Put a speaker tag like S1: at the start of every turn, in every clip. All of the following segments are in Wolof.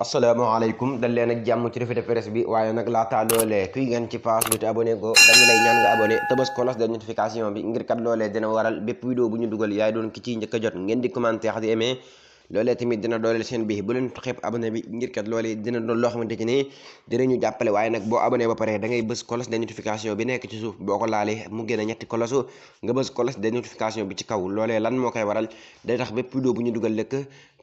S1: asalaamaaleykum dal leen ak jàmm ci revue de presse bi waaye nag laataa loolee kuy ngeen ci page bi te abonné ko dañu lay ñaan nga abonné te bës bi ngir kat loolee dina waral bépp vidéo bu ñu dugal yaay doon ki ciy njëkk jot ngeen di commenté wax di aimé loolee tamit dina dooleel seen bi bu leen xeeb abonné bi ngir kat loolee dina doon loo xamante ci ni dinañu jàppale waaye nag boo abonné ba pare da ngay bës cloche de notification bi nekk ci suuf boo ko laalee mu génn ñetti cloche nga bi ci kaw lan moo koy waral day tax bépp vidéo bu ñu dugal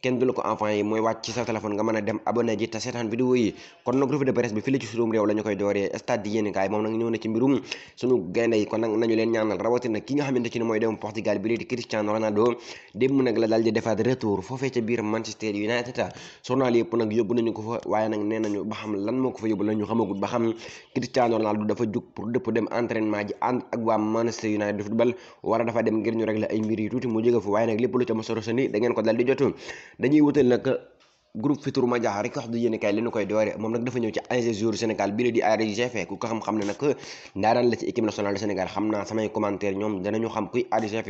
S1: kenn du la ko envoyé mooy wàcc ci sa téléphone nga mën a dem abonné ji te seetaan vidéo yi kon nag revue de presse bi fii la ci suñu réew la koy dooree stade di yéen moom nag ñëw na ci mbirum suñu gaynde yi nag nañu leen ñaanal rawatina ki nga xamante ci ne mooy dem Portugal bi lii di Cristiano Ronaldo démb nag nag yóbbu nañu ko fa waaye nag nee nañu ba xam lan moo ko fa yóbbu la ñu ba xam Cristiano Ronaldo dafa jug pour dëpp dem dañuy wutal nag groupe Futurs Médias rek wax du yéen kaay li koy doore moom nag dafa ñëw ci ASC joueur Sénégal bii la di ADGF ku ko xam ne nag ndaaraan la ci équipe nationale du Sénégal xam naa samay commentaire xam kuy ADGF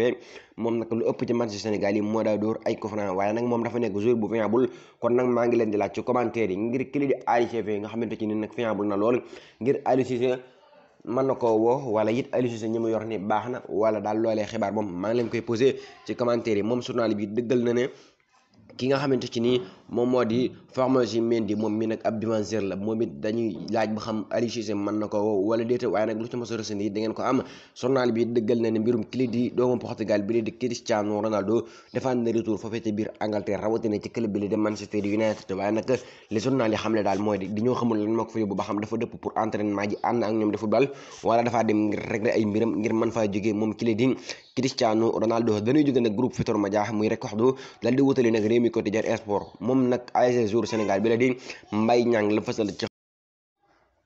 S1: moom nag ëpp ci match Sénégal yi moo daa dóor ay coup waaye nag moom dafa nekk joueur bu fiable kon nag maa ngi leen di laaj ci commentaire yi ngir kii la di ADGF nga xamante ci ne nag fiable na lool ngir ADGF man na koo woo wala it Aliou Cissé ñi mu yor ni baax na wala daal loolee xibaar moom maa ngi leen koy posé ci commentaire yi moom journal bi dëggal na ki nga xamante ci moom moo di Formose Mendy moom mi nag ab défenseur la moom it dañuy laaj ba xam Aliou Cissé na ko wala déet waaye nag lu ci mos a rësën yi da ngeen ko am journal bi dëggal na ne mbirum kili di doomu Portugal bi di Cristiano Ronaldo defaat na retour foofee ci biir Angleterre bi li de Manchester di ñoo xamul lan moo ko fa yóbbu ba dafa dem ngir régler ay mbiram ngir mën faa jógee moom kili di Cristiano Ronaldo dañuy jóge nag groupe Futurs Médias muy rek wax du dal di wutali nag réew mi quotidien sport moom moom nag ASC Jeux Sénégal bi la di Mbaye Niang la fësal ci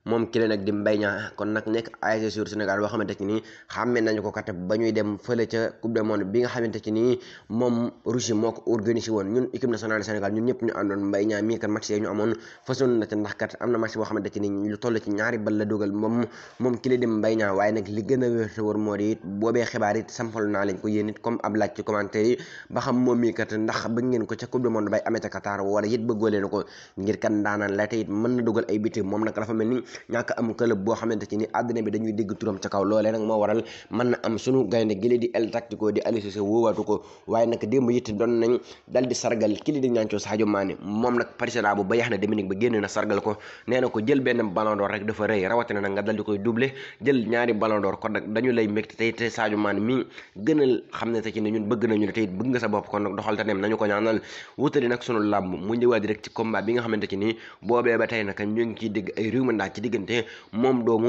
S1: moom ki leen ak di Mbaye Niang kon nag nekk ASC sur Sénégal boo xamante ci nii xàmmee nañu ko kat ba ñuy dem fële ca coupe du monde bi nga xamante ci nii moom moo ko organisé woon ñun équipe nationale ñu àndoon Mbaye Niang mii kat na ca ndax kat am na match boo xamante lu toll ci ñaari bal la dugal moom moom ki leen di Mbaye Niang waaye nag li gën a te wër moo di it boobee xibaar it sampal naa leen ko yéen it comme ab laaj ci commentaire yi ko ca coupe du monde bay amee ca Qatar wala it bëggoo leen ko ngir kat ndaanaan la te it na dugal ay biti moom nag dafa mel ni ñàkk am club boo xamante ci ni àddina bi dañuy dégg turam ca kaw loolee nag moo waral mën na am sunu gaynde gile di El Tactico di Aliou xam ne te ci ne ñun bëgg ba tey nag ñu ngi ciy dégg ay rumeur ci diggante moom doomu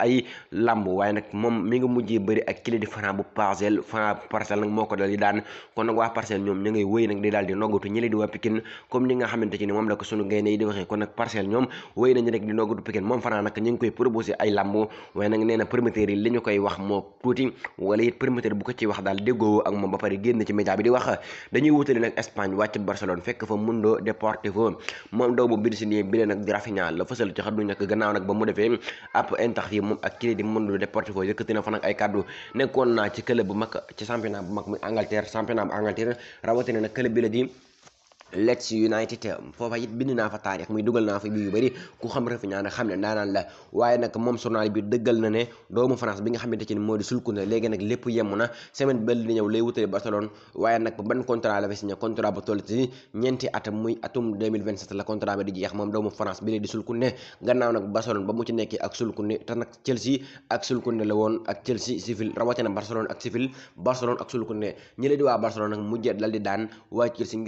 S1: ay làmb waaye nag moom mi nga mujjee bëri ak kili di Franc bu parcelle Franc parcelle nag moo ko dal di daan kon nag waa parcelle ñoom ñu ngay wëy nag di daal di noggatu ñi la di waxee kon nag parcelle ñoom wëy nañu di noggatu Pikine moom Franc nag ñu ngi koy proposé ay làmb waaye nag nee na li ñu koy wax moo tuuti wala it promoteur bu ko ci wax daal déggoo ak moom ba pare génn ci média bi di wax dañuy wutale nag Espagne wàcc moom ak kii di Mundo Deportivo yëkkati na fa nag ay kàddu nekkoon naa ci club bu mag ci championnat bu mag muy Angleterre championnat bu Angleterre rawatina nag club bi la di Leeds United eh, foofa it bind naa fa taarix muy dugal naa fa bi yu bëri ku xam Raphinha nag xam ne daanaan la waaye nag moom journal bi dëggal na ne doomu France bi nga xamante ni moo di waaye nag ban contrat bi di jeex moom doomu France bi lee di Sulkunde nag Barcelone ba mu ci nekkee ak Sulkunde te nag Chelsea ak Sulkunde la woon ak Chelsea Seville rawatina Barcelone ak Seville Barcelone ak Sulkunde ñi la di waa mujjee dal di daan waa Chelsea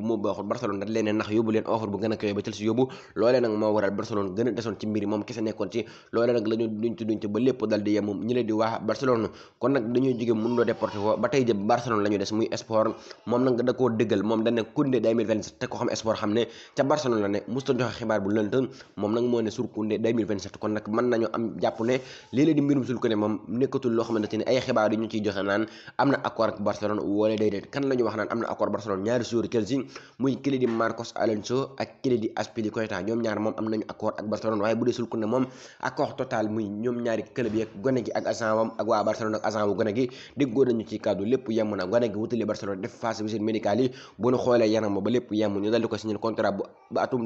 S1: bu mu baaxul Barcelone dañ leen nax yóbbu leen offre bu gën a kawe ba Chelsea yóbbu loolee nag moo waral Barcelone gën a desoon ci mbir yi moom kese nekkoon ci loolee nag la ñu duñtu ba lépp dal di yem muy sport moom nag da koo dëggal moom dañ ne te ko xam sport xam ne ca Barcelone ne musta joxe xibaar bu lënt moom nag moo ne sur Koundé 2027 kon nag mën nañu am jàpp ne léeg-léeg di mbirum sur Koundé moom nekkatul loo xamante ne ay xibaar yu ñu muy kii di Marcos Alonso ak kii di Azpilicueta ñoom ñaar moom am nañu accord ak Barcelone waaye bu dee Sulkune moom accord total muy ñoom ñaari club yi ak gone gi ak agent ak waa Barcelone ak agent gone gi déggoo nañu ci kàddu lépp yemm na gone gi wutali Barcelone def phase visite médicale yi bu ñu xoolee yaram ba lépp yemm ñu daldi ko signé contrat bu ba atum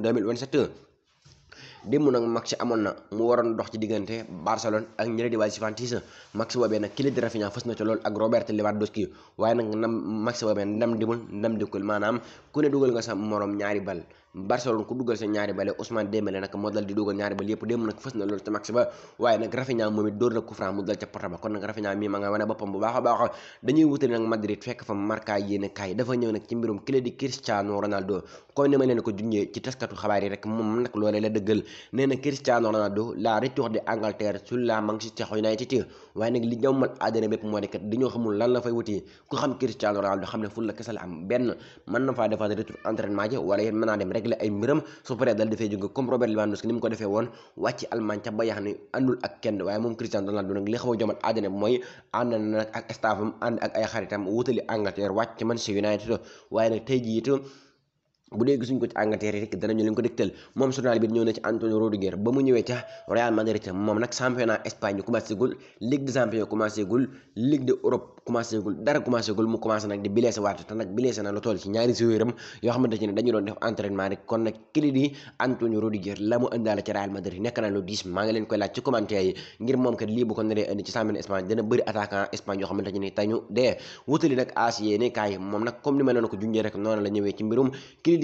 S1: démb nag match amoon na mu waroon dox ci diggante Barcelone ak ñële di waa Juventus match boobee nag Kilidi Rafinha fës na ci lool ak Robert Lewandowski waaye nag ndam match boobee ndam dimul ndam dikkul maanaam ku ne dugal nga sa moroom ñaari bal Barcelone ku dugal sa ñaari bale Ousmane Dembélé nag moo dal di dugal ñaari bale yëpp démb nag fës na loolu ca max ba ma nga wane boppam bu baax a baax dañuy wutali nag Madrid fekk fa Marca yéen kaay dafa ñëw nag ci mbirum clé di Cristiano Ronaldo comme ni ma leen ko junjee ci taskatu xabaar yi rek moom nag loolee la dëggal nee na Cristiano Ronaldo la retour de Angleterre sur la Manchester United waaye nag li jàmmal àddina bépp moo nekkat dañoo xamul lan la fay wuti ku xam Cristiano Ronaldo la kese la na faa defaat régler ay mbiram dal dafay jóge comme Robert Lewandowski ni mu ko defee woon wàcc Allemagne ca ba yax ak kenn waaye moom Cristiano Ronaldo mooy ànd na nag ak ay xaritam wutali Angleterre wàcc ci Manchester United waaye nag tey jii bu dee gisuñ ko ci Angleterre rek danañu leen ko dégtal moom journal bi ñëw na ci Antonio Rudiger ba mu ñëwee ca Real Madrid moom nag championnat Antonio Rudiger la mu indaale ci Real Madrid nekk na lu diis maa ngi koy laaj ci commentaire yi ngir moom kat lii bu ko naree indi ci championnat Espagne moom nag comme ni ma leen ko junjee rek noonu la ñëwee ci mbirum kii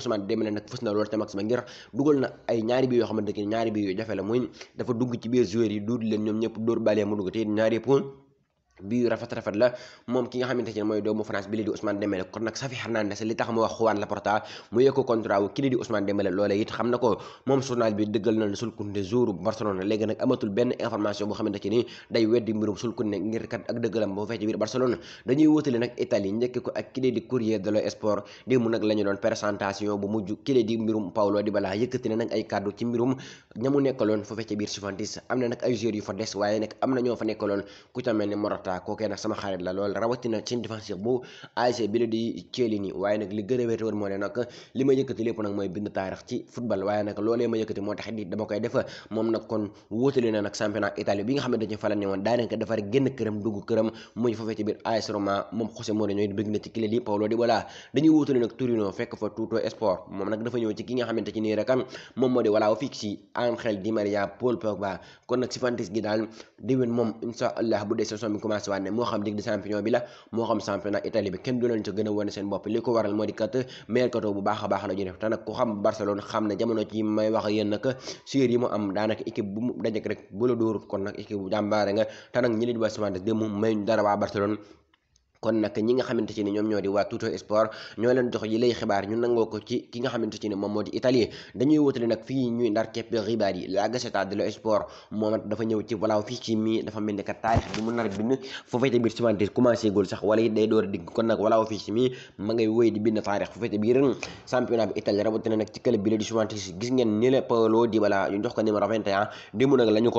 S1: Ousmane Dembélé nag fës na loolu tamit sama ngir dugal na ay ñaari bi yoo xamante ne ñaari bi yu jafe la muy dafa dugg ci biir joueurs yi duut leen ñoom ñëpp dóor balee mu dugg te ñaari point bi rafet rafet la moom ki nga xamante ne mooy doomu France bi di Ousmane Dembélé kon nag Xavi Hernandez li tax mu wax Juan Laporta mu yokk contrat biir di am na nag fa des waaye ku ca mel ne Morata kookee nag sama xarit la lool rawatina seen défensif bu ASC bi la di Chiellini waaye nag li gën a wéetewoon moo ne nag li ma yëkkati lépp ma yëkkati moom moom José Mourinho it Angel Di Maria Paul Pogba kon nag si fantis gi daal déwén moom incha allah bu dee saison bi commencé waane moo xam ligue des champions bi la moo xam championnat Italie bi kenn du leen ci gën a wane seen bopp li ko waral moo di kat mercato bu baax a baax la ñu def te nag ku xam Barcelone xam ne jamono ci may wax yéen nag série yi mu am daanaka équipe bu mu rek bu la dóorut kon nag équipe bu jàmbaare nga te nag ñi li di Barcelone démb mayuñ dara waa Barcelone kon nag ñi nga xamante ci ne ñoom ñoo di waa Tutto Sport ñoo leen jox yi lay xibaar ñu nangoo ko ci ki nga xamante ci ni moom moo di italien dañuy wutale nag fii ñuy ndar képp xibaar yi a digg ñu jox ko numéro 21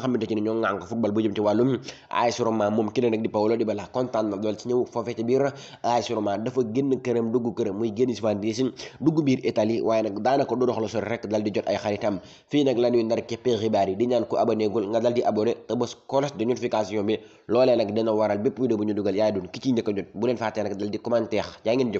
S1: nga xamante ci ni ñoo ŋànk football bu jëm ci wàllum AS Roma moom ki ne nag di Paolo Dybala kontaan na dool ci ñëw foofee ci biir AS Roma dafa génn këram dugg këram muy génn si vandisi dugg biir Italie waaye daanaka du dox la sori rek dal di jot ay xaritam fii nag la ñuy nar keppee xibaar yi di ñaan ko abonégul nga dal di abonné te bés kolos de notification bi loolee nag dina waral bépp vidéo bu ñu dugal yaay doon ki ciy njëkk jot bu leen fàttee ngeen